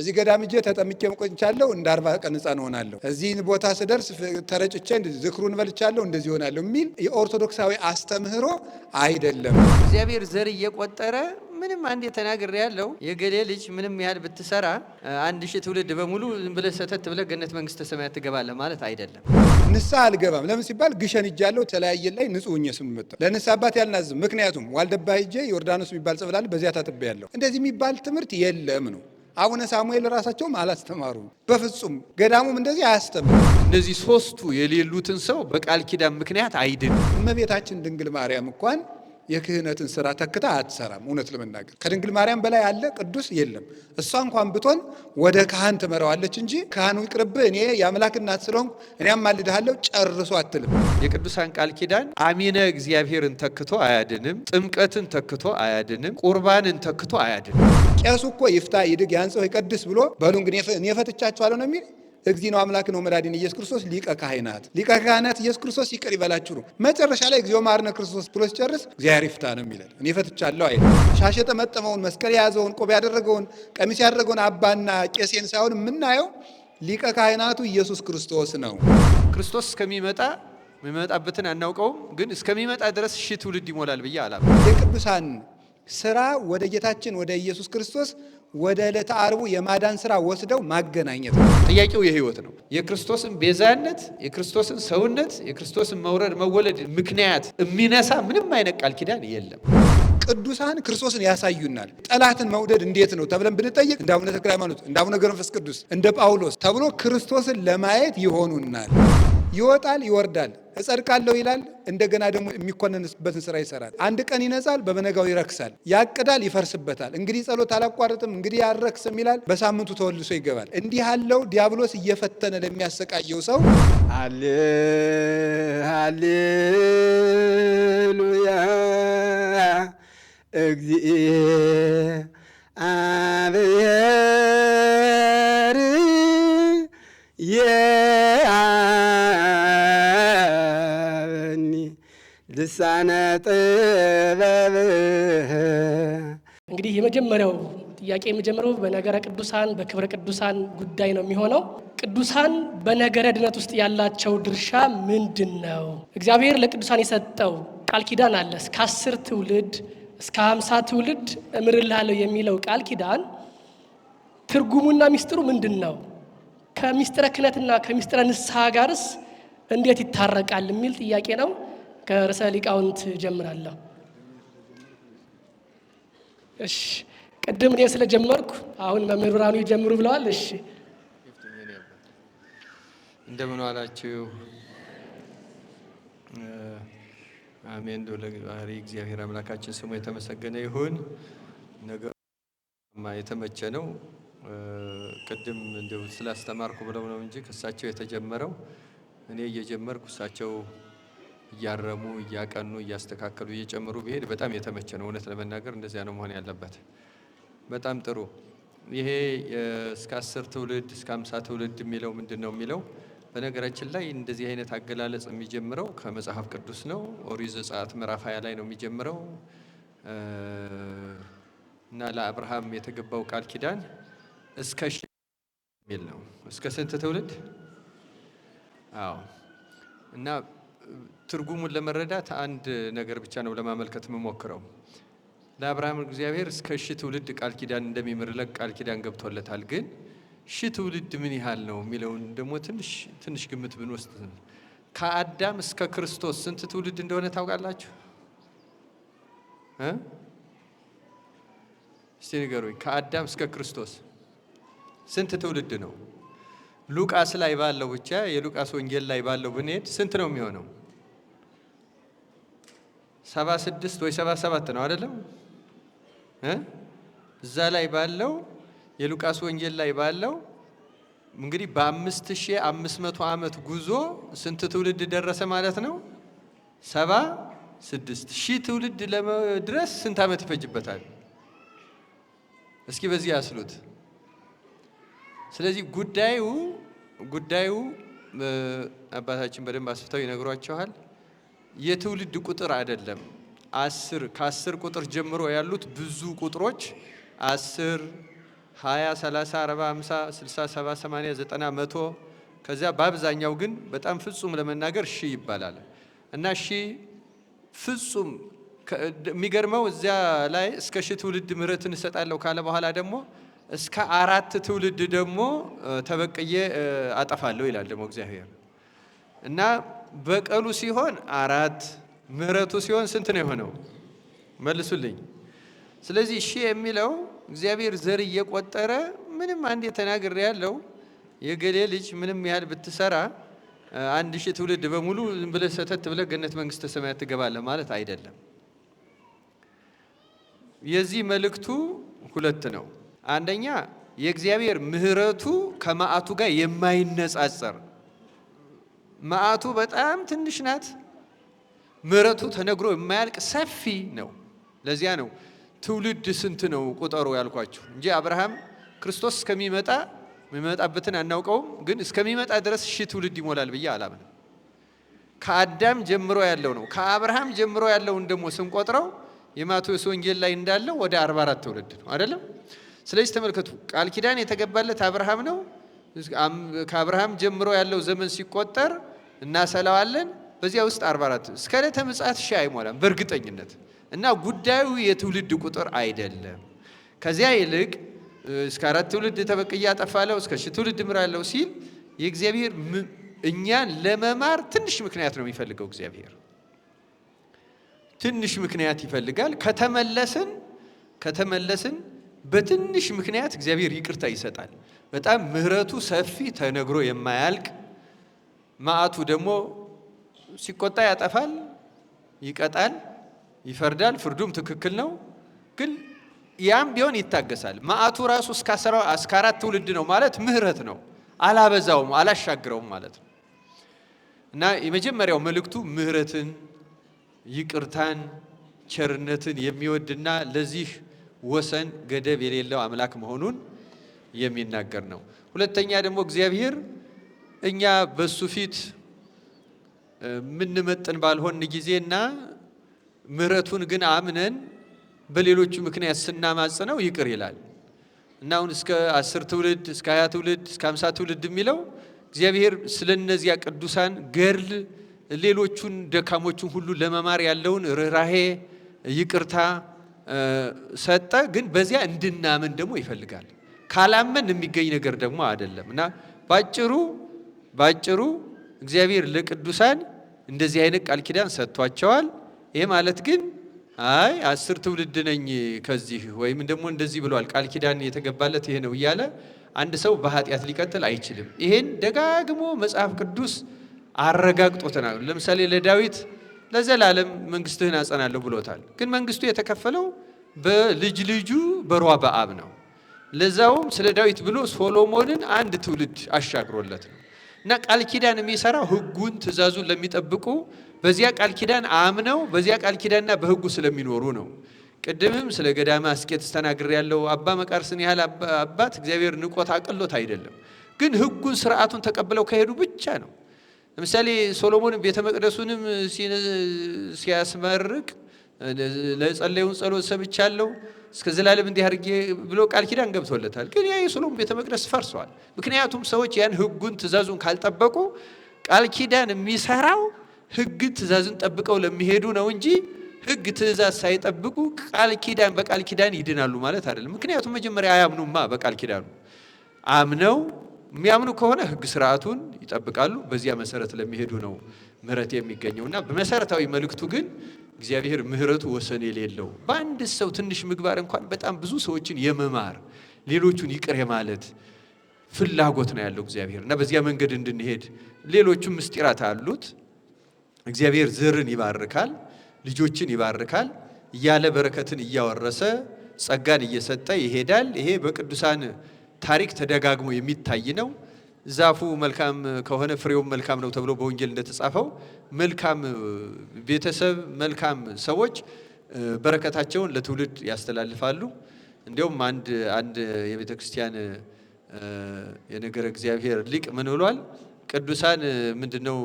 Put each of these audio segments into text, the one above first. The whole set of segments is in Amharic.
እዚህ ገዳም እጄ ተጠምቄ ቆይቻለሁ። እንደ አርባ ቀን ህፃን እሆናለሁ። እዚህን ቦታ ስደርስ ተረጭቼ ዝክሩን በልቻለሁ፣ እንደዚህ ሆናለሁ የሚል የኦርቶዶክሳዊ አስተምህሮ አይደለም። እግዚአብሔር ዘር እየቆጠረ ምንም አንድ የተናገር ያለው የገሌ ልጅ ምንም ያህል ብትሰራ አንድ ሺህ ትውልድ በሙሉ ዝም ብለህ ሰተት ብለህ ገነት መንግስተ ሰማያት ትገባለህ ማለት አይደለም። ንስሓ አልገባም ለምን ሲባል ግሸን እጃለሁ ተለያየ ላይ ንጹህ ኘ ስም መጣ ለንስሓ አባት ያልናዝም ምክንያቱም ዋልደባ ሂጄ ዮርዳኖስ የሚባል ጸበል በዚያ በዚያ ታጥቤያለሁ። እንደዚህ የሚባል ትምህርት የለም ነው አቡነ ሳሙኤል ራሳቸውም አላስተማሩም። በፍጹም ገዳሙም እንደዚህ አያስተምርም። እነዚህ ሶስቱ የሌሉትን ሰው በቃል ኪዳን ምክንያት አይድን። እመቤታችን ድንግል ማርያም እንኳን የክህነትን ስራ ተክታ አትሰራም። እውነት ለመናገር ከድንግል ማርያም በላይ ያለ ቅዱስ የለም። እሷ እንኳን ብትሆን ወደ ካህን ትመራዋለች እንጂ ካህኑ ይቅርብ፣ እኔ የአምላክ እናት ስለሆንኩ እኔ አማልድሃለሁ ጨርሶ አትልም። የቅዱሳን ቃል ኪዳን አሚነ እግዚአብሔርን ተክቶ አያድንም። ጥምቀትን ተክቶ አያድንም። ቁርባንን ተክቶ አያድንም። ቄሱ እኮ ይፍታ ይድግ ያንጽህ ይቀድስ ብሎ በሉ እንግዲህ እኔ ነው የሚል ነው አምላክ ነው መድኃኒነ ኢየሱስ ክርስቶስ ሊቀ ካህናት ሊቀ ካህናት ኢየሱስ ክርስቶስ ይቅር ይበላችሁ ነው። መጨረሻ ላይ እግዚኦ ማርነ ክርስቶስ ብሎ ሲጨርስ እግዚአብሔር ይፍታ ነው የሚለን። እኔ ፈትቻለሁ አይ ሻሽ የጠመጠመውን መስቀል የያዘውን ቆብ ያደረገውን ቀሚስ ያደረገውን አባና ቄሴን ሳይሆን የምናየው ሊቀ ካህናቱ ኢየሱስ ክርስቶስ ነው። ክርስቶስ እስከሚመጣ የሚመጣበትን አናውቀውም፣ ግን እስከሚመጣ ድረስ ሺህ ትውልድ ይሞላል ብዬ አላ የቅዱሳን ስራ ወደ ጌታችን ወደ ኢየሱስ ክርስቶስ ወደ ዕለተ ዓርቡ የማዳን ስራ ወስደው ማገናኘት ነው። ጥያቄው የህይወት ነው። የክርስቶስን ቤዛነት፣ የክርስቶስን ሰውነት፣ የክርስቶስን መውረድ መወለድ ምክንያት የሚነሳ ምንም አይነት ቃል ኪዳን የለም። ቅዱሳን ክርስቶስን ያሳዩናል። ጠላትን መውደድ እንዴት ነው ተብለን ብንጠይቅ እንደ አቡነ ተክለ ሃይማኖት፣ እንደ አቡነ ገብረ መንፈስ ቅዱስ፣ እንደ ጳውሎስ ተብሎ ክርስቶስን ለማየት ይሆኑናል። ይወጣል ይወርዳል፣ እጸድቃለሁ ይላል። እንደገና ደግሞ የሚኮነንበትን ስራ ይሰራል። አንድ ቀን ይነጻል፣ በበነጋው ይረክሳል። ያቅዳል፣ ይፈርስበታል። እንግዲህ ጸሎት አላቋርጥም፣ እንግዲህ አልረክስም ይላል። በሳምንቱ ተወልሶ ይገባል። እንዲህ ያለው ዲያብሎስ እየፈተነ ለሚያሰቃየው ሰው አለ ሃሌሉያ ልሳነ ጥበብ እንግዲህ የመጀመሪያው ጥያቄ የመጀመሪያው በነገረ ቅዱሳን በክብረ ቅዱሳን ጉዳይ ነው የሚሆነው። ቅዱሳን በነገረ ድነት ውስጥ ያላቸው ድርሻ ምንድን ነው? እግዚአብሔር ለቅዱሳን የሰጠው ቃል ኪዳን አለ። እስከ አስር ትውልድ እስከ ሀምሳ ትውልድ እምርልሃለሁ የሚለው ቃል ኪዳን ትርጉሙና ሚስጥሩ ምንድን ነው? ከሚስጥረ ክህነትና ከሚስጥረ ንስሐ ጋርስ እንዴት ይታረቃል? የሚል ጥያቄ ነው። ከርዕሰ ሊቃውንት ጀምራለሁ። እሺ ቅድም እኔ ስለጀመርኩ አሁን መምህራኑ ይጀምሩ ብለዋል። እሺ እንደምን አላችሁ አሜን ዶለ ባህሪ እግዚአብሔር አምላካችን ስሙ የተመሰገነ ይሁን። ነገሩ የተመቸ ነው። ቅድም እንደው ስላስተማርኩ ብለው ነው እንጂ ከእሳቸው የተጀመረው እኔ እየጀመርኩ እሳቸው እያረሙ እያቀኑ እያስተካከሉ እየጨመሩ ቢሄድ በጣም የተመቸ ነው። እውነት ለመናገር እንደዚያ ነው መሆን ያለበት። በጣም ጥሩ። ይሄ እስከ አስር ትውልድ እስከ አምሳ ትውልድ የሚለው ምንድን ነው የሚለው? በነገራችን ላይ እንደዚህ አይነት አገላለጽ የሚጀምረው ከመጽሐፍ ቅዱስ ነው። ኦሪት ዘጸአት ምዕራፍ ሀያ ላይ ነው የሚጀምረው እና ለአብርሃም የተገባው ቃል ኪዳን እስከ ሺ የሚል ነው። እስከ ስንት ትውልድ? አዎ እና ትርጉሙን ለመረዳት አንድ ነገር ብቻ ነው ለማመልከት የምሞክረው። ለአብርሃም እግዚአብሔር እስከ ሺህ ትውልድ ቃል ኪዳን እንደሚምርለቅ ቃል ኪዳን ገብቶለታል። ግን ሺህ ትውልድ ምን ያህል ነው የሚለውን ደግሞ ትንሽ ግምት ብንወስድ ከአዳም እስከ ክርስቶስ ስንት ትውልድ እንደሆነ ታውቃላችሁ? እስቲ ንገሩኝ። ከአዳም እስከ ክርስቶስ ስንት ትውልድ ነው? ሉቃስ ላይ ባለው ብቻ የሉቃስ ወንጌል ላይ ባለው ብንሄድ ስንት ነው የሚሆነው? ሰባ ስድስት ወይ ሰባ ሰባት ነው አደለም? እዛ ላይ ባለው የሉቃስ ወንጌል ላይ ባለው እንግዲህ በአምስት ሺህ አምስት መቶ ዓመት ጉዞ ስንት ትውልድ ደረሰ ማለት ነው? ሰባ ስድስት ሺህ ትውልድ ለመድረስ ስንት ዓመት ይፈጅበታል? እስኪ በዚህ ያስሉት። ስለዚህ ጉዳዩ ጉዳዩ አባታችን በደንብ አስፍተው ይነግሯቸዋል። የትውልድ ቁጥር አይደለም። አስር ከአስር ቁጥር ጀምሮ ያሉት ብዙ ቁጥሮች አስር ሀያ ሰላሳ አርባ ሃምሳ ስልሳ ሰባ ሰማንያ ዘጠና መቶ ከዚያ በአብዛኛው ግን በጣም ፍጹም ለመናገር ሺ ይባላል እና ሺ ፍጹም የሚገርመው እዚያ ላይ እስከ ሺ ትውልድ ምሕረትን እንሰጣለሁ ካለ በኋላ ደግሞ እስከ አራት ትውልድ ደግሞ ተበቅዬ አጠፋለሁ ይላል ደግሞ እግዚአብሔር እና በቀሉ ሲሆን አራት ምሕረቱ ሲሆን ስንት ነው የሆነው? መልሱልኝ። ስለዚህ ሺ የሚለው እግዚአብሔር ዘር እየቆጠረ ምንም አንድ የተናገር ያለው የገሌ ልጅ ምንም ያህል ብትሰራ አንድ ሺ ትውልድ በሙሉ ዝም ብለህ ሰተት ብለህ ገነት መንግስተ ሰማያት ትገባለህ ማለት አይደለም። የዚህ መልእክቱ ሁለት ነው። አንደኛ የእግዚአብሔር ምሕረቱ ከመዓቱ ጋር የማይነጻጸር መዓቱ በጣም ትንሽ ናት። ምሕረቱ ተነግሮ የማያልቅ ሰፊ ነው። ለዚያ ነው ትውልድ ስንት ነው ቁጠሩ ያልኳችሁ እንጂ አብርሃም ክርስቶስ እስከሚመጣ የሚመጣበትን አናውቀውም፣ ግን እስከሚመጣ ድረስ ሺ ትውልድ ይሞላል ብዬ አላምንም። ከአዳም ጀምሮ ያለው ነው። ከአብርሃም ጀምሮ ያለውን ደግሞ ስንቆጥረው የማቴዎስ ወንጌል ላይ እንዳለው ወደ 44 ትውልድ ነው አይደለም? ስለዚህ ተመልከቱ፣ ቃል ኪዳን የተገባለት አብርሃም ነው። ከአብርሃም ጀምሮ ያለው ዘመን ሲቆጠር እናሰላዋለን። በዚያ ውስጥ 44 እስከ ዕለተ ምጽአት ሺህ አይሞላም በእርግጠኝነት እና ጉዳዩ የትውልድ ቁጥር አይደለም። ከዚያ ይልቅ እስከ አራት ትውልድ ተበቅያ ጠፋለሁ እስከ ሺህ ትውልድ ምራለው ሲል የእግዚአብሔር እኛን ለመማር ትንሽ ምክንያት ነው የሚፈልገው። እግዚአብሔር ትንሽ ምክንያት ይፈልጋል። ከተመለስን ከተመለስን በትንሽ ምክንያት እግዚአብሔር ይቅርታ ይሰጣል። በጣም ምሕረቱ ሰፊ ተነግሮ የማያልቅ መዓቱ ደግሞ ሲቆጣ ያጠፋል፣ ይቀጣል፣ ይፈርዳል። ፍርዱም ትክክል ነው። ግን ያም ቢሆን ይታገሳል። መዓቱ ራሱ እስከ አራት ትውልድ ነው ማለት ምህረት ነው። አላበዛውም፣ አላሻግረውም ማለት ነው እና የመጀመሪያው መልእክቱ ምህረትን፣ ይቅርታን፣ ቸርነትን የሚወድና ለዚህ ወሰን ገደብ የሌለው አምላክ መሆኑን የሚናገር ነው። ሁለተኛ ደግሞ እግዚአብሔር እኛ በሱ ፊት ምንመጥን ባልሆን ጊዜና ምሕረቱን ግን አምነን በሌሎቹ ምክንያት ስናማጽነው ይቅር ይላል እና አሁን እስከ አስር ትውልድ እስከ ሀያ ትውልድ እስከ አምሳ ትውልድ የሚለው እግዚአብሔር ስለ እነዚያ ቅዱሳን ገድል ሌሎቹን ደካሞቹን ሁሉ ለመማር ያለውን ርኅራሄ ይቅርታ ሰጠ። ግን በዚያ እንድናመን ደግሞ ይፈልጋል። ካላመን የሚገኝ ነገር ደግሞ አይደለም እና ባጭሩ ባጭሩ እግዚአብሔር ለቅዱሳን እንደዚህ አይነት ቃል ኪዳን ሰጥቷቸዋል። ይሄ ማለት ግን አይ አስር ትውልድ ነኝ ከዚህ ወይም ደግሞ እንደዚህ ብሏል ቃል ኪዳን የተገባለት ይሄ ነው እያለ አንድ ሰው በኃጢአት ሊቀጥል አይችልም። ይሄን ደጋግሞ መጽሐፍ ቅዱስ አረጋግጦ ተናግሯል። ለምሳሌ ለዳዊት ለዘላለም መንግስትህን አጸናለሁ ብሎታል። ግን መንግስቱ የተከፈለው በልጅ ልጁ በአብ ነው። ለዛውም ስለ ዳዊት ብሎ ሶሎሞንን አንድ ትውልድ አሻግሮለት ነው። እና ቃል ኪዳን የሚሰራው ህጉን ትእዛዙን ለሚጠብቁ በዚያ ቃል ኪዳን አምነው በዚያ ቃል ኪዳንና በህጉ ስለሚኖሩ ነው። ቅድምም ስለ ገዳማ አስቄት ተናግር ያለው አባ መቃርስን ያህል አባት እግዚአብሔር ንቆት አቅሎት አይደለም፣ ግን ህጉን ስርዓቱን ተቀብለው ከሄዱ ብቻ ነው። ለምሳሌ ሶሎሞን ቤተ መቅደሱንም ሲያስመርቅ ለጸለዩን ጸሎት ሰብቻለሁ እስከ ዘላለም እንዲህ አድርጌ ብሎ ቃል ኪዳን ገብቶለታል። ግን ያ የሰሎሞን ቤተ መቅደስ ፈርሷል። ምክንያቱም ሰዎች ያን ህጉን ትእዛዙን ካልጠበቁ ቃል ኪዳን የሚሰራው ህግ ትእዛዝን ጠብቀው ለሚሄዱ ነው እንጂ ህግ ትእዛዝ ሳይጠብቁ ቃል ኪዳን በቃል ኪዳን ይድናሉ ማለት አይደለም። ምክንያቱም መጀመሪያ አያምኑማ በቃል ኪዳኑ አምነው የሚያምኑ ከሆነ ህግ ስርዓቱን ይጠብቃሉ። በዚያ መሰረት ለሚሄዱ ነው ምሕረት የሚገኘውና በመሰረታዊ መልእክቱ ግን እግዚአብሔር ምሕረቱ ወሰን የሌለው በአንድ ሰው ትንሽ ምግባር እንኳን በጣም ብዙ ሰዎችን የመማር ሌሎቹን ይቅር የማለት ፍላጎት ነው ያለው እግዚአብሔር እና በዚያ መንገድ እንድንሄድ ሌሎቹም ምስጢራት አሉት። እግዚአብሔር ዘርን ይባርካል፣ ልጆችን ይባርካል እያለ በረከትን እያወረሰ ጸጋን እየሰጠ ይሄዳል። ይሄ በቅዱሳን ታሪክ ተደጋግሞ የሚታይ ነው። ዛፉ መልካም ከሆነ ፍሬውም መልካም ነው ተብሎ በወንጌል እንደተጻፈው መልካም ቤተሰብ፣ መልካም ሰዎች በረከታቸውን ለትውልድ ያስተላልፋሉ። እንዲሁም አንድ አንድ የቤተ ክርስቲያን የነገረ እግዚአብሔር ሊቅ ምን ብሏል? ቅዱሳን ምንድነው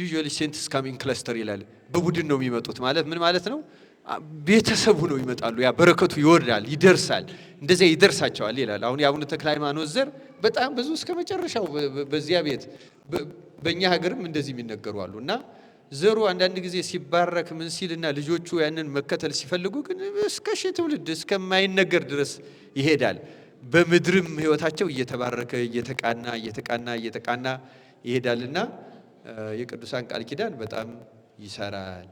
ዩዥዋሊ ሴንትስ ካሚንግ ክለስተር ይላል። በቡድን ነው የሚመጡት። ማለት ምን ማለት ነው? ቤተሰቡ ነው ይመጣሉ። ያ በረከቱ ይወርዳል፣ ይደርሳል፣ እንደዚያ ይደርሳቸዋል ይላል። አሁን የአቡነ ተክለ ሃይማኖት ዘር በጣም ብዙ እስከ መጨረሻው በዚያ ቤት በእኛ ሀገርም እንደዚህ የሚነገሩ አሉ እና ዘሩ አንዳንድ ጊዜ ሲባረክ ምን ሲልና ልጆቹ ያንን መከተል ሲፈልጉ ግን እስከ ሺ ትውልድ እስከማይነገር ድረስ ይሄዳል። በምድርም ህይወታቸው እየተባረከ እየተቃና እየተቃና እየተቃና ይሄዳልና የቅዱሳን ቃል ኪዳን በጣም ይሰራል።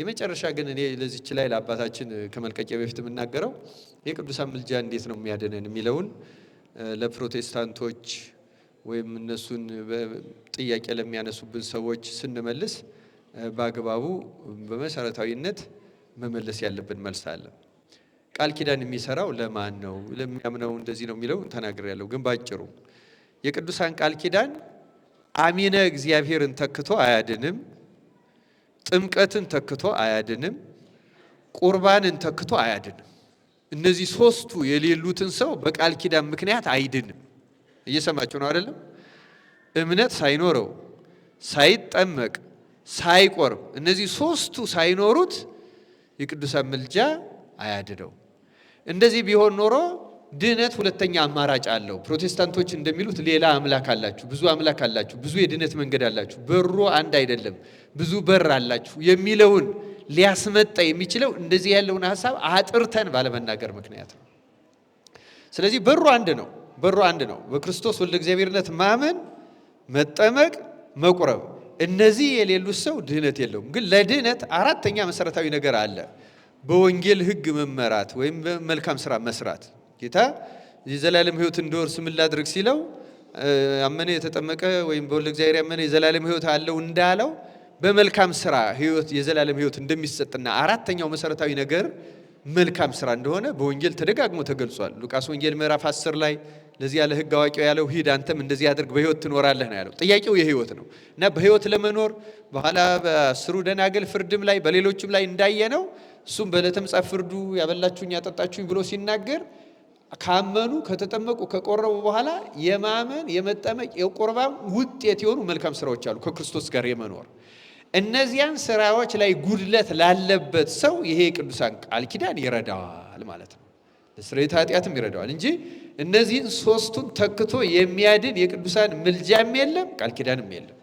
የመጨረሻ ግን እኔ ለዚች ላይ ለአባታችን ከመልቀቂያ በፊት የምናገረው የቅዱሳን ምልጃ እንዴት ነው የሚያደነን የሚለውን ለፕሮቴስታንቶች ወይም እነሱን ጥያቄ ለሚያነሱብን ሰዎች ስንመልስ በአግባቡ በመሰረታዊነት መመለስ ያለብን መልስ አለ። ቃል ኪዳን የሚሰራው ለማን ነው? ለሚያምነው እንደዚህ ነው የሚለው ተናግር ያለው ግን ባጭሩ የቅዱሳን ቃል ኪዳን አሚነ እግዚአብሔርን ተክቶ አያድንም፣ ጥምቀትን ተክቶ አያድንም፣ ቁርባንን ተክቶ አያድንም። እነዚህ ሶስቱ የሌሉትን ሰው በቃል ኪዳን ምክንያት አይድንም። እየሰማችሁ ነው አይደለም? እምነት ሳይኖረው ሳይጠመቅ ሳይቆርብ እነዚህ ሶስቱ ሳይኖሩት የቅዱሳን ምልጃ አያድነው። እንደዚህ ቢሆን ኖሮ ድህነት ሁለተኛ አማራጭ አለው። ፕሮቴስታንቶች እንደሚሉት ሌላ አምላክ አላችሁ፣ ብዙ አምላክ አላችሁ፣ ብዙ የድህነት መንገድ አላችሁ፣ በሩ አንድ አይደለም፣ ብዙ በር አላችሁ የሚለውን ሊያስመጣ የሚችለው እንደዚህ ያለውን ሀሳብ አጥርተን ባለመናገር ምክንያት ነው። ስለዚህ በሩ አንድ ነው። በሩ አንድ ነው። በክርስቶስ ወልደ እግዚአብሔርነት ማመን፣ መጠመቅ፣ መቁረብ እነዚህ የሌሉት ሰው ድህነት የለውም። ግን ለድህነት አራተኛ መሰረታዊ ነገር አለ። በወንጌል ሕግ መመራት ወይም በመልካም ስራ መስራት። ጌታ የዘላለም ሕይወት እንድወርስ ምን ላድርግ ሲለው አመነ የተጠመቀ ወይም በወልደ እግዚአብሔር ያመነ የዘላለም ሕይወት አለው እንዳለው በመልካም ስራ ሕይወት የዘላለም ሕይወት እንደሚሰጥና አራተኛው መሰረታዊ ነገር መልካም ስራ እንደሆነ በወንጌል ተደጋግሞ ተገልጿል። ሉቃስ ወንጌል ምዕራፍ 10 ላይ ለዚያ ለህግ አዋቂው ያለው ሂድ አንተም እንደዚህ አድርግ በህይወት ትኖራለህ ነው ያለው። ጥያቄው የህይወት ነው እና በህይወት ለመኖር በኋላ በስሩ ደናገል ፍርድም ላይ በሌሎችም ላይ እንዳየ ነው። እሱም በለተምጻ ፍርዱ ያበላችሁኝ ያጠጣችሁኝ ብሎ ሲናገር ካመኑ ከተጠመቁ ከቆረቡ በኋላ የማመን የመጠመቅ የቁርባን ውጤት የሆኑ መልካም ስራዎች አሉ ከክርስቶስ ጋር የመኖር እነዚያን ስራዎች ላይ ጉድለት ላለበት ሰው ይሄ ቅዱሳን ቃል ኪዳን ይረዳዋል ማለት ነው። ለስርየተ ኃጢአትም ይረዳዋል እንጂ እነዚህን ሶስቱን ተክቶ የሚያድን የቅዱሳን ምልጃም የለም፣ ቃል ኪዳንም የለም።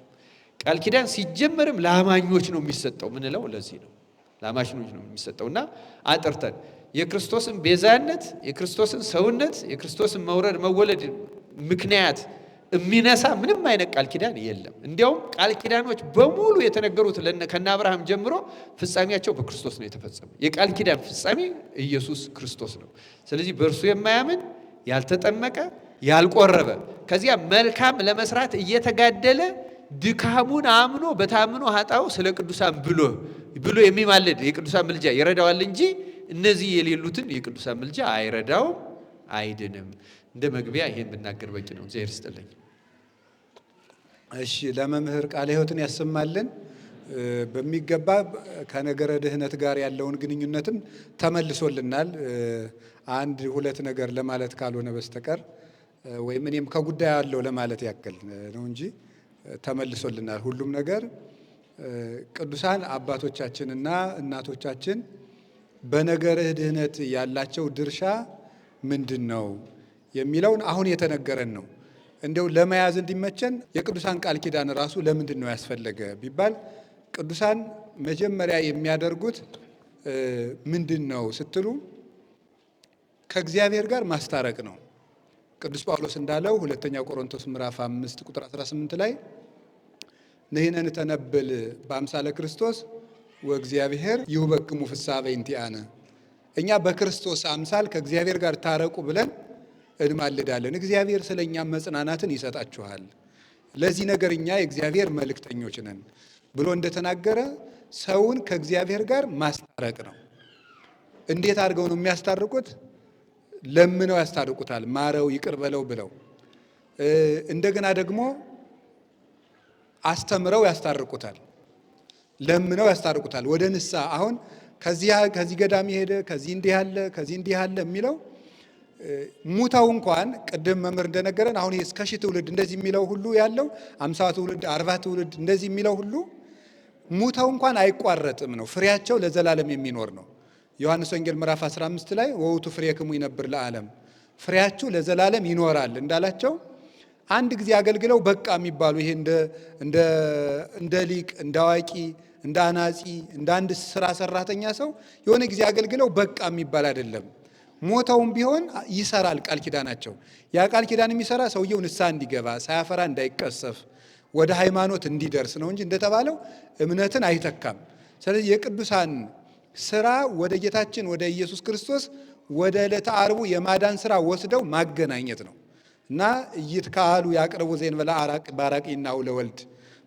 ቃል ኪዳን ሲጀመርም ለአማኞች ነው የሚሰጠው ምንለው ለዚህ ነው ለአማኞች ነው የሚሰጠው እና አጥርተን የክርስቶስን ቤዛነት፣ የክርስቶስን ሰውነት፣ የክርስቶስን መውረድ መወለድ ምክንያት የሚነሳ ምንም አይነት ቃል ኪዳን የለም። እንዲያውም ቃል ኪዳኖች በሙሉ የተነገሩት ከነ አብርሃም ጀምሮ ፍጻሜያቸው በክርስቶስ ነው የተፈጸመ የቃል ኪዳን ፍጻሜ ኢየሱስ ክርስቶስ ነው። ስለዚህ በእርሱ የማያምን ያልተጠመቀ፣ ያልቆረበ ከዚያ መልካም ለመስራት እየተጋደለ ድካሙን አምኖ በታምኖ ሀጣው ስለ ቅዱሳን ብሎ ብሎ የሚማልድ የቅዱሳን ምልጃ ይረዳዋል እንጂ እነዚህ የሌሉትን የቅዱሳን ምልጃ አይረዳውም፣ አይድንም። እንደ መግቢያ ይሄን ብናገር በቂ ነው። እግዚአብሔር ይስጥልኝ። እሺ፣ ለመምህር ቃለ ሕይወትን ያሰማልን በሚገባ ከነገረ ድህነት ጋር ያለውን ግንኙነትም ተመልሶልናል። አንድ ሁለት ነገር ለማለት ካልሆነ በስተቀር ወይም እኔም ከጉዳዩ አለው ለማለት ያክል ነው እንጂ ተመልሶልናል። ሁሉም ነገር ቅዱሳን አባቶቻችንና እናቶቻችን በነገረ ድህነት ያላቸው ድርሻ ምንድን ነው? የሚለውን አሁን የተነገረን ነው። እንደው ለመያዝ እንዲመቸን የቅዱሳን ቃል ኪዳን ራሱ ለምንድን ነው ያስፈለገ ቢባል ቅዱሳን መጀመሪያ የሚያደርጉት ምንድን ነው ስትሉ ከእግዚአብሔር ጋር ማስታረቅ ነው። ቅዱስ ጳውሎስ እንዳለው ሁለተኛ ቆሮንቶስ ምዕራፍ 5 ቁጥር 18 ላይ ንሕነን ተነብል በአምሳለ ክርስቶስ ወእግዚአብሔር ይሁበክሙ ፍስሐ በእንቲአነ፣ እኛ በክርስቶስ አምሳል ከእግዚአብሔር ጋር ታረቁ ብለን እድማልዳለን። እግዚአብሔር ስለ መጽናናትን ይሰጣችኋል። ለዚህ ነገር እኛ የእግዚአብሔር መልእክተኞች ነን ብሎ እንደተናገረ ሰውን ከእግዚአብሔር ጋር ማስታረቅ ነው። እንዴት አድርገው ነው የሚያስታርቁት? ለምነው ያስታርቁታል። ማረው፣ ይቅር በለው ብለው እንደገና ደግሞ አስተምረው ያስታርቁታል። ለምነው ያስታርቁታል ወደ ንስሐ። አሁን ከዚህ ገዳም የሄደ ከዚህ እንዲህ አለ ከዚህ እንዲህ አለ የሚለው ሙተው እንኳን ቅድም መምህር እንደነገረን አሁን እስከ ሺህ ትውልድ እንደዚህ የሚለው ሁሉ ያለው አምሳ ትውልድ አርባ ትውልድ እንደዚህ የሚለው ሁሉ ሙተው እንኳን አይቋረጥም ነው። ፍሬያቸው ለዘላለም የሚኖር ነው። ዮሐንስ ወንጌል ምዕራፍ 15 ላይ ወውቱ ፍሬክሙ ይነብር ለዓለም ፍሬያችሁ ለዘላለም ይኖራል እንዳላቸው አንድ ጊዜ አገልግለው በቃ የሚባሉ ይሄ እንደ ሊቅ እንደ አዋቂ እንደ አናጺ እንደ አንድ ስራ ሰራተኛ ሰው የሆነ ጊዜ አገልግለው በቃ የሚባል አይደለም። ሞተውም ቢሆን ይሰራል ቃል ኪዳናቸው። ያ ቃል ኪዳን የሚሰራ ሰውየው ንስሐ እንዲገባ ሳያፈራ እንዳይቀሰፍ ወደ ሃይማኖት እንዲደርስ ነው እንጂ እንደተባለው እምነትን አይተካም። ስለዚህ የቅዱሳን ስራ ወደ ጌታችን ወደ ኢየሱስ ክርስቶስ ወደ ዕለተ ዓርቡ የማዳን ስራ ወስደው ማገናኘት ነው እና እይት ካህሉ ያቅርቡ ዘእንበለ አራቅ በአራቂና ለወልድ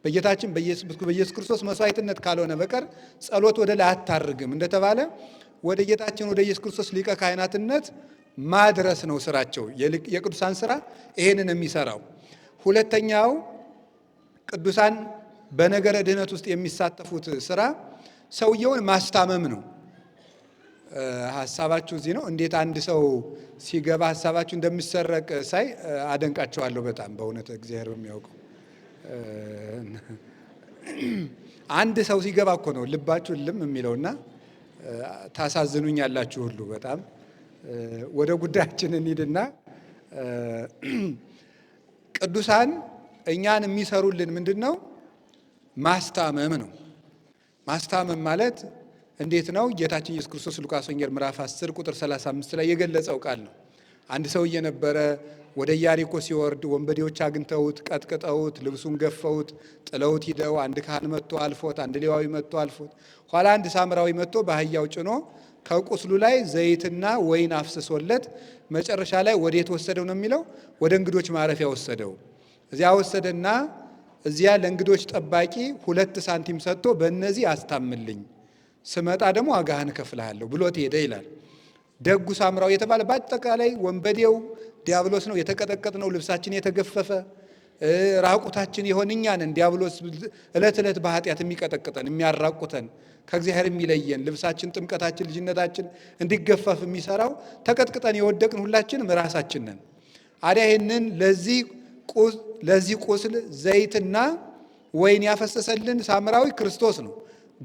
በጌታችን በኢየሱስ ክርስቶስ መስዋዕትነት ካልሆነ በቀር ጸሎት ወደ ላይ አታርግም እንደተባለ ወደ ጌታችን ወደ ኢየሱስ ክርስቶስ ሊቀ ካህናትነት ማድረስ ነው ስራቸው። የቅዱሳን ስራ ይሄንን የሚሰራው። ሁለተኛው ቅዱሳን በነገረ ድህነት ውስጥ የሚሳተፉት ስራ ሰውየውን ማስታመም ነው። ሀሳባችሁ እዚህ ነው። እንዴት አንድ ሰው ሲገባ ሀሳባችሁ እንደሚሰረቅ ሳይ አደንቃቸዋለሁ በጣም በእውነት እግዚአብሔር በሚያውቀው አንድ ሰው ሲገባ እኮ ነው ልባችሁ ልም የሚለውና ታሳዝኑኝ ያላችሁ ሁሉ በጣም ወደ ጉዳያችን እንሂድና ቅዱሳን እኛን የሚሰሩልን ምንድን ነው? ማስታመም ነው። ማስታመም ማለት እንዴት ነው? ጌታችን ኢየሱስ ክርስቶስ ሉቃስ ወንጌል ምዕራፍ 10 ቁጥር 35 ላይ የገለጸው ቃል ነው። አንድ ሰውዬ ነበረ ወደ ኢያሪኮ ሲወርድ ወንበዴዎች አግኝተውት ቀጥቅጠውት ልብሱን ገፈውት ጥለውት ሂደው አንድ ካህን መጥቶ አልፎት፣ አንድ ሌዋዊ መጥቶ አልፎት፣ ኋላ አንድ ሳምራዊ መጥቶ በአህያው ጭኖ ከቁስሉ ላይ ዘይትና ወይን አፍስሶለት መጨረሻ ላይ ወዴት ወሰደው ነው የሚለው? ወደ እንግዶች ማረፊያ ወሰደው። እዚያ ወሰደና እዚያ ለእንግዶች ጠባቂ ሁለት ሳንቲም ሰጥቶ በእነዚህ አስታምልኝ ስመጣ ደግሞ ዋጋህን እከፍልሃለሁ ብሎት ሄደ ይላል። ደጉ ሳምራዊ የተባለ በአጠቃላይ ወንበዴው ዲያብሎስ ነው። ነው ልብሳችን የተገፈፈ ራቁታችን የሆን እኛ ዲያብሎስ ዕለት ዕለት በኃጢአት የሚቀጠቅጠን የሚያራቁተን ከእግዚአብሔር የሚለየን ልብሳችን፣ ጥምቀታችን፣ ልጅነታችን እንዲገፈፍ የሚሰራው ተቀጥቅጠን የወደቅን ሁላችንም ራሳችን ነን። አዲያ ይህንን ለዚህ ቁስል ዘይትና ወይን ያፈሰሰልን ሳምራዊ ክርስቶስ ነው።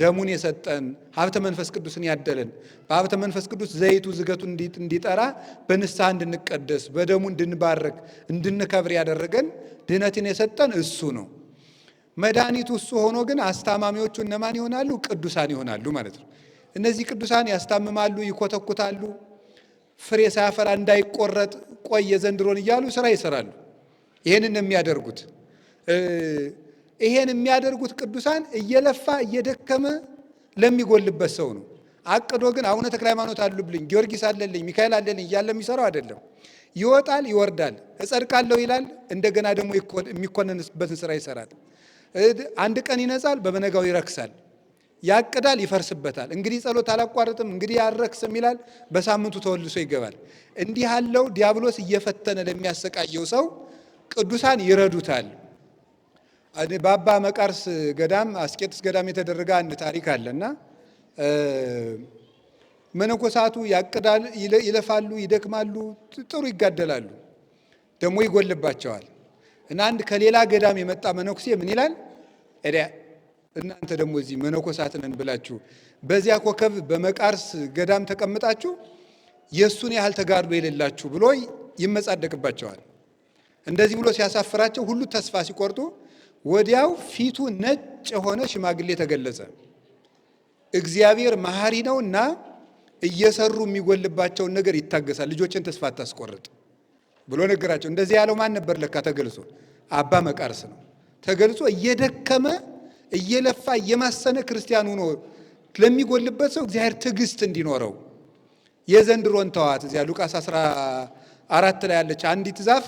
ደሙን የሰጠን ሀብተ መንፈስ ቅዱስን ያደለን በሀብተ መንፈስ ቅዱስ ዘይቱ ዝገቱ እንዲጠራ በንስሐ እንድንቀደስ በደሙ እንድንባረክ እንድንከብር ያደረገን ድህነትን የሰጠን እሱ ነው። መድኃኒቱ እሱ ሆኖ ግን አስታማሚዎቹ እነማን ይሆናሉ? ቅዱሳን ይሆናሉ ማለት ነው። እነዚህ ቅዱሳን ያስታምማሉ፣ ይኮተኩታሉ፣ ፍሬ ሳያፈራ እንዳይቆረጥ ቆየ ዘንድሮን እያሉ ስራ ይሰራሉ። ይህንን የሚያደርጉት ይሄን የሚያደርጉት ቅዱሳን እየለፋ እየደከመ ለሚጎልበት ሰው ነው። አቅዶ ግን አቡነ ተክለ ሃይማኖት አሉብልኝ፣ ጊዮርጊስ አለልኝ፣ ሚካኤል አለልኝ እያለ የሚሰራው አይደለም። ይወጣል፣ ይወርዳል፣ እጸድቃለሁ ይላል። እንደገና ደግሞ የሚኮነንበትን ስራ ይሰራል። አንድ ቀን ይነጻል፣ በበነጋው ይረክሳል። ያቅዳል፣ ይፈርስበታል። እንግዲህ ጸሎት አላቋርጥም፣ እንግዲህ አልረክስም ይላል። በሳምንቱ ተወልሶ ይገባል። እንዲህ ያለው ዲያብሎስ እየፈተነ ለሚያሰቃየው ሰው ቅዱሳን ይረዱታል። በአባ መቃርስ ገዳም አስቄጥስ ገዳም የተደረገ አንድ ታሪክ አለ እና መነኮሳቱ ያቅዳል፣ ይለፋሉ፣ ይደክማሉ፣ ጥሩ ይጋደላሉ፣ ደግሞ ይጎልባቸዋል እና አንድ ከሌላ ገዳም የመጣ መነኩሴ ምን ይላል? እዲያ እናንተ ደግሞ እዚህ መነኮሳት ነን ብላችሁ በዚያ ኮከብ በመቃርስ ገዳም ተቀምጣችሁ የእሱን ያህል ተጋድሎ የሌላችሁ ብሎ ይመጻደቅባቸዋል። እንደዚህ ብሎ ሲያሳፍራቸው ሁሉ ተስፋ ሲቆርጡ ወዲያው ፊቱ ነጭ የሆነ ሽማግሌ ተገለጸ። እግዚአብሔር መሐሪ ነውና እየሰሩ የሚጎልባቸውን ነገር ይታገሳል። ልጆችን ተስፋ አታስቆርጥ ብሎ ነገራቸው። እንደዚህ ያለው ማን ነበር? ለካ ተገልጾ አባ መቃርስ ነው። ተገልጾ እየደከመ እየለፋ እየማሰነ ክርስቲያን ሆኖ ለሚጎልበት ሰው እግዚአብሔር ትዕግስት እንዲኖረው የዘንድሮን ተዋት። እዚያ ሉቃስ 14 ላይ ያለች አንዲት ዛፍ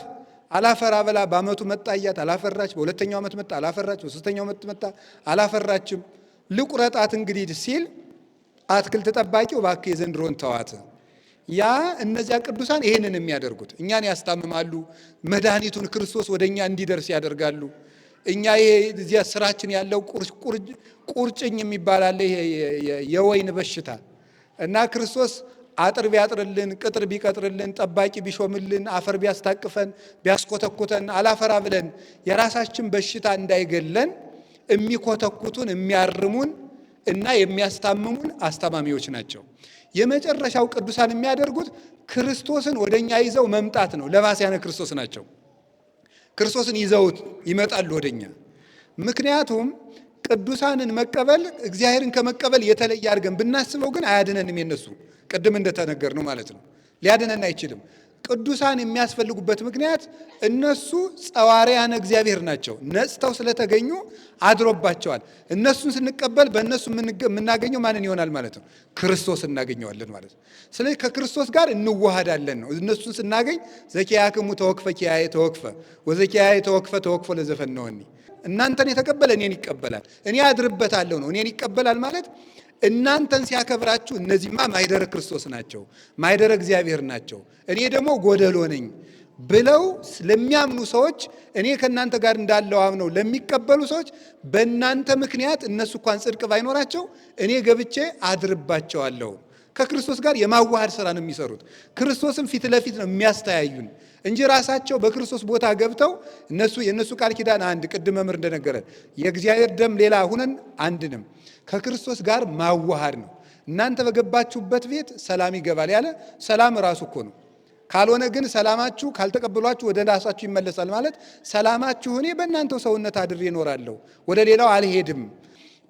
አላፈራ በላ በአመቱ መጣ እያት አላፈራች። በሁለተኛው አመት መጣ አላፈራች። በሶስተኛው ዓመት መጣ አላፈራችም። ልቁረጣት እንግዲህ ሲል አትክልት ጠባቂው እባክህ የዘንድሮን ተዋት። ያ እነዚያ ቅዱሳን ይህንን የሚያደርጉት እኛን ያስታምማሉ። መድኃኒቱን ክርስቶስ ወደ እኛ እንዲደርስ ያደርጋሉ። እኛ ይሄ እዚያ ስራችን ያለው ቁርጭኝ የሚባል አለ፣ የወይን በሽታ እና ክርስቶስ አጥር ቢያጥርልን፣ ቅጥር ቢቀጥርልን፣ ጠባቂ ቢሾምልን፣ አፈር ቢያስታቅፈን፣ ቢያስኮተኩተን አላፈራ ብለን የራሳችን በሽታ እንዳይገለን የሚኮተኩቱን የሚያርሙን እና የሚያስታምሙን አስታማሚዎች ናቸው። የመጨረሻው ቅዱሳን የሚያደርጉት ክርስቶስን ወደ እኛ ይዘው መምጣት ነው። ለባስያነ ክርስቶስ ናቸው። ክርስቶስን ይዘውት ይመጣሉ ወደ እኛ። ምክንያቱም ቅዱሳንን መቀበል እግዚአብሔርን ከመቀበል የተለየ አድርገን ብናስበው ግን አያድነንም። የነሱ ቅድም እንደተነገር ነው ማለት ነው፣ ሊያድነን አይችልም። ቅዱሳን የሚያስፈልጉበት ምክንያት እነሱ ጸዋርያነ እግዚአብሔር ናቸው። ነጽተው ስለተገኙ አድሮባቸዋል። እነሱን ስንቀበል በእነሱ የምናገኘው ማንን ይሆናል ማለት ነው? ክርስቶስ እናገኘዋለን ማለት ነው። ስለዚህ ከክርስቶስ ጋር እንዋሃዳለን ነው። እነሱን ስናገኝ ዘኪያክሙ ተወክፈ ኪያዬ ተወክፈ ወዘኪያዬ ተወክፈ ተወክፎ ነውኔ። እናንተን የተቀበለ እኔን ይቀበላል፣ እኔ አድርበታለሁ ነው። እኔን ይቀበላል ማለት እናንተን ሲያከብራችሁ፣ እነዚህማ ማይደረ ክርስቶስ ናቸው፣ ማይደረ እግዚአብሔር ናቸው፣ እኔ ደግሞ ጎደሎ ነኝ ብለው ለሚያምኑ ሰዎች እኔ ከእናንተ ጋር እንዳለው አምነው ለሚቀበሉ ሰዎች በእናንተ ምክንያት እነሱ እንኳን ጽድቅ ባይኖራቸው እኔ ገብቼ አድርባቸዋለሁ። ከክርስቶስ ጋር የማዋሃድ ስራ ነው የሚሰሩት። ክርስቶስም ፊት ለፊት ነው የሚያስተያዩን። እንጂ ራሳቸው በክርስቶስ ቦታ ገብተው እነሱ የእነሱ ቃል ኪዳን አንድ፣ ቅድመ ምር እንደነገረን የእግዚአብሔር ደም ሌላ ሁነን አንድንም ከክርስቶስ ጋር ማዋሃድ ነው። እናንተ በገባችሁበት ቤት ሰላም ይገባል ያለ ሰላም ራሱ እኮ ነው። ካልሆነ ግን ሰላማችሁ ካልተቀበሏችሁ ወደ ራሳችሁ ይመለሳል ማለት ሰላማችሁ እኔ በእናንተው ሰውነት አድሬ እኖራለሁ፣ ወደ ሌላው አልሄድም።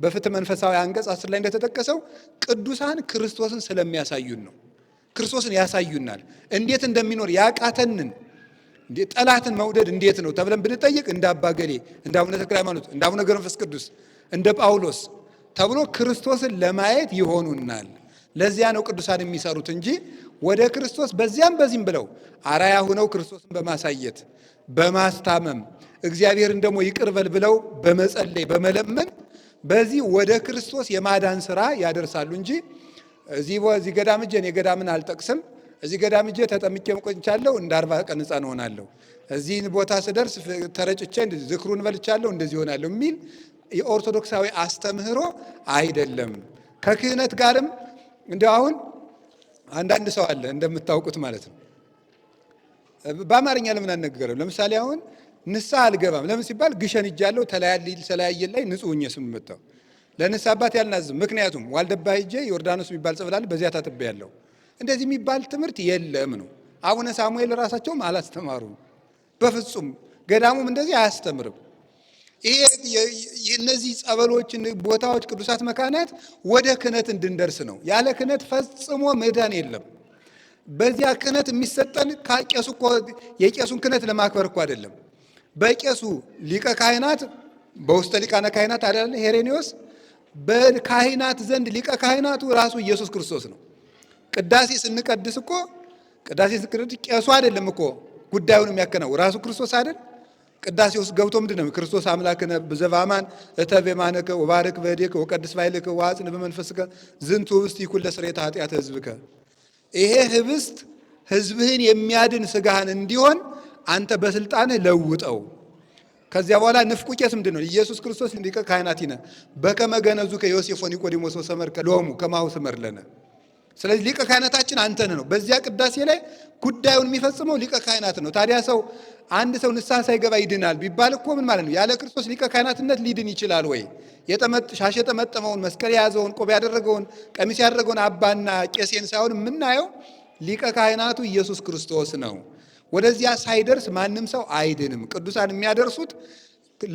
በፍትህ መንፈሳዊ አንቀጽ አስር ላይ እንደተጠቀሰው ቅዱሳን ክርስቶስን ስለሚያሳዩን ነው። ክርስቶስን ያሳዩናል እንዴት እንደሚኖር ያቃተንን ጠላትን መውደድ እንዴት ነው ተብለን ብንጠይቅ እንደ አባገሌ እንደ አቡነ ተክለ ሃይማኖት እንደ አቡነ ገብረ መንፈስ ቅዱስ እንደ ጳውሎስ ተብሎ ክርስቶስን ለማየት ይሆኑናል። ለዚያ ነው ቅዱሳን የሚሰሩት እንጂ ወደ ክርስቶስ በዚያም በዚህም ብለው አራያ ሁነው ክርስቶስን በማሳየት በማስታመም እግዚአብሔርን ደግሞ ይቅርበል ብለው በመጸለይ በመለመን በዚህ ወደ ክርስቶስ የማዳን ስራ ያደርሳሉ እንጂ እዚህ ገዳም እጄን የገዳምን አልጠቅስም እዚህ ገዳም እጄ ተጠምቄ መቆንቻለሁ። እንደ አርባ ቀን ሕፃን እሆናለሁ። እዚህን ቦታ ስደርስ ተረጭቼ ዝክሩን በልቻለሁ፣ እንደዚህ ሆናለሁ የሚል የኦርቶዶክሳዊ አስተምህሮ አይደለም። ከክህነት ጋርም እንዲያው አሁን አንዳንድ ሰው አለ እንደምታውቁት ማለት ነው። በአማርኛ ለምን አነገረም? ለምሳሌ አሁን ንስሐ አልገባም ለምን ሲባል ግሸን እጃለሁ ተለያየን ላይ ንጹሕ ኘ ስም መጣው ለንስሐ አባት ያልናዝም ምክንያቱም ዋልደባ ሄጄ ዮርዳኖስ የሚባል ጸበል በዚያ በዚያ ያለው እንደዚህ የሚባል ትምህርት የለም ነው። አቡነ ሳሙኤል ራሳቸውም አላስተማሩም በፍጹም። ገዳሙም እንደዚህ አያስተምርም። እነዚህ ጸበሎች፣ ቦታዎች፣ ቅዱሳት መካናት ወደ ክህነት እንድንደርስ ነው። ያለ ክህነት ፈጽሞ መዳን የለም። በዚያ ክህነት የሚሰጠን ከቄሱ እኮ የቄሱን ክህነት ለማክበር እኮ አይደለም። በቄሱ ሊቀ ካህናት በውስጠ ሊቃነ ካህናት አይደለ ሄሬኒዎስ በካህናት ዘንድ ሊቀ ካህናቱ ራሱ ኢየሱስ ክርስቶስ ነው። ቅዳሴ ስንቀድስ እኮ ቅዳሴ ስንቀድስ ቄሱ አይደለም እኮ ጉዳዩን የሚያከናው ራሱ ክርስቶስ አይደል? ቅዳሴ ውስጥ ገብቶ ምንድን ነው ክርስቶስ አምላክነ ብዘባማን እተቤ ማነከ ወባርክ በዴከ ወቀድስ ባይልከ ወአጽን በመንፈስከ ዝንቱ ውስጥ ይኩለ ለስርየተ ኃጢአት ህዝብከ። ይሄ ህብስት ህዝብህን የሚያድን ስጋህን እንዲሆን አንተ በስልጣንህ ለውጠው። ከዚያ በኋላ ንፍቁ ቄስ ምንድን ነው? ኢየሱስ ክርስቶስ ሊቀ ካህናቲነ በከመ ገነዙከ ዮሴፎ ኒቆዲሞስ ወሰመርከ ሎሙ ከማሁ ስመር ለነ ስለዚህ ሊቀ ካህናታችን አንተን ነው። በዚያ ቅዳሴ ላይ ጉዳዩን የሚፈጽመው ሊቀ ካህናት ነው። ታዲያ ሰው አንድ ሰው ንስሐ ሳይገባ ይድናል ቢባል እኮ ምን ማለት ነው? ያለ ክርስቶስ ሊቀ ካህናትነት ሊድን ይችላል ወይ? ሻሽ የጠመጠመውን መስቀል የያዘውን ቆብ ያደረገውን ቀሚስ ያደረገውን አባና ቄሴን ሳይሆን የምናየው ሊቀ ካህናቱ ኢየሱስ ክርስቶስ ነው። ወደዚያ ሳይደርስ ማንም ሰው አይድንም። ቅዱሳን የሚያደርሱት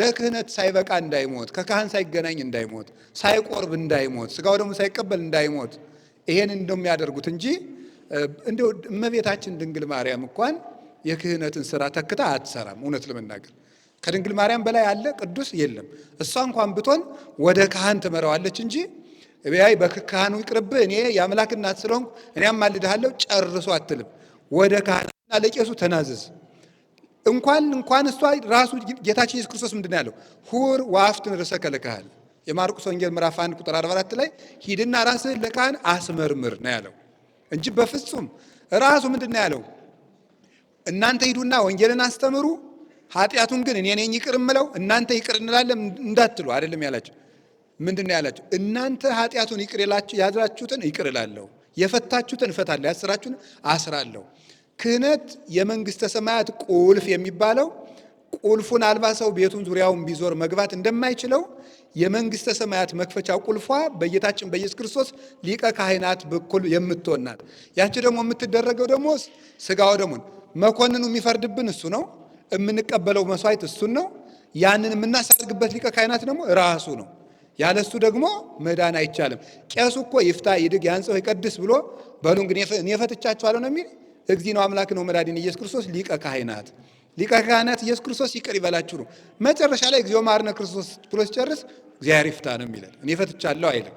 ለክህነት ሳይበቃ እንዳይሞት፣ ከካህን ሳይገናኝ እንዳይሞት፣ ሳይቆርብ እንዳይሞት፣ ስጋው ደግሞ ሳይቀበል እንዳይሞት ይሄን እንደሚያደርጉት እንጂ እንደ እመቤታችን ድንግል ማርያም እንኳን የክህነትን ስራ ተክታ አትሰራም። እውነት ለመናገር ከድንግል ማርያም በላይ ያለ ቅዱስ የለም። እሷ እንኳን ብትሆን ወደ ካህን ትመራዋለች እንጂ ይ በካህኑ ይቅርብ እኔ የአምላክ እናት ስለሆንኩ እኔ አማልድሃለሁ ጨርሶ አትልም። ወደ ካህንና ለቄሱ ተናዘዝ እንኳን እንኳን እሷ ራሱ ጌታችን ኢየሱስ ክርስቶስ ምንድን ያለው ሁር ዋፍትን ርሰ ከለካህል የማርቆስ ወንጌል ምዕራፍ 1 ቁጥር 44 ላይ ሂድና ራስህን ለካህን አስመርምር ነው ያለው እንጂ በፍጹም ራሱ ምንድን ነው ያለው? እናንተ ሂዱና ወንጌልን አስተምሩ፣ ኃጢአቱን ግን እኔ ነኝ ይቅር እምለው እናንተ ይቅር እንላለን እንዳትሉ አይደለም ያላቸው። ምንድን ነው ያላቸው? እናንተ ኃጢአቱን ይቅር ያላችሁትን ይቅር እላለሁ፣ የፈታችሁትን እፈታለሁ፣ ያስራችሁትን አስራለሁ። ክህነት የመንግስተ ሰማያት ቁልፍ የሚባለው ቁልፉን አልባ ሰው ቤቱን ዙሪያውን ቢዞር መግባት እንደማይችለው የመንግስተ ሰማያት መክፈቻ ቁልፏ በጌታችን በኢየሱስ ክርስቶስ ሊቀ ካህናት በኩል የምትሆን ያቺ ደግሞ የምትደረገው ደግሞ ስጋው ወደሙን መኮንኑ የሚፈርድብን እሱ ነው። የምንቀበለው መስዋዕት እሱን ነው። ያንን የምናሳርግበት ሊቀ ካህናት ደግሞ ራሱ ነው። ያለሱ ደግሞ መዳን አይቻልም። ቄሱ እኮ ይፍታ ይድግ ያንጸው ይቀድስ ብሎ በሉ እንግዲህ እኔ ፈትቻችኋለሁ ነው የሚል እግዚእ ነው አምላክ ነው መድኃኒነ ኢየሱስ ክርስቶስ ሊቀ ካህናት ሊቀ ካህናት ኢየሱስ ክርስቶስ ይቅር ይበላችሁ ነው። መጨረሻ ላይ እግዚኦ መሐረነ ክርስቶስ ብሎ ሲጨርስ እግዚአብሔር ይፍታ ነው የሚለን። እኔ ፈትቻለሁ አይልም።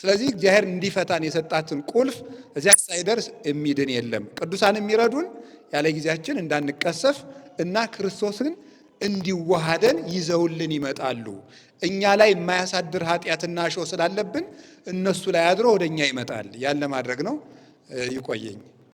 ስለዚህ እግዚአብሔር እንዲፈታን የሰጣትን ቁልፍ እዚያ ሳይደርስ የሚድን የለም። ቅዱሳን የሚረዱን ያለ ጊዜያችን እንዳንቀሰፍ እና ክርስቶስን እንዲዋሃደን ይዘውልን ይመጣሉ። እኛ ላይ የማያሳድር ኃጢአትና ሾ ስላለብን እነሱ ላይ አድሮ ወደ እኛ ይመጣል። ያን ለማድረግ ነው። ይቆየኝ።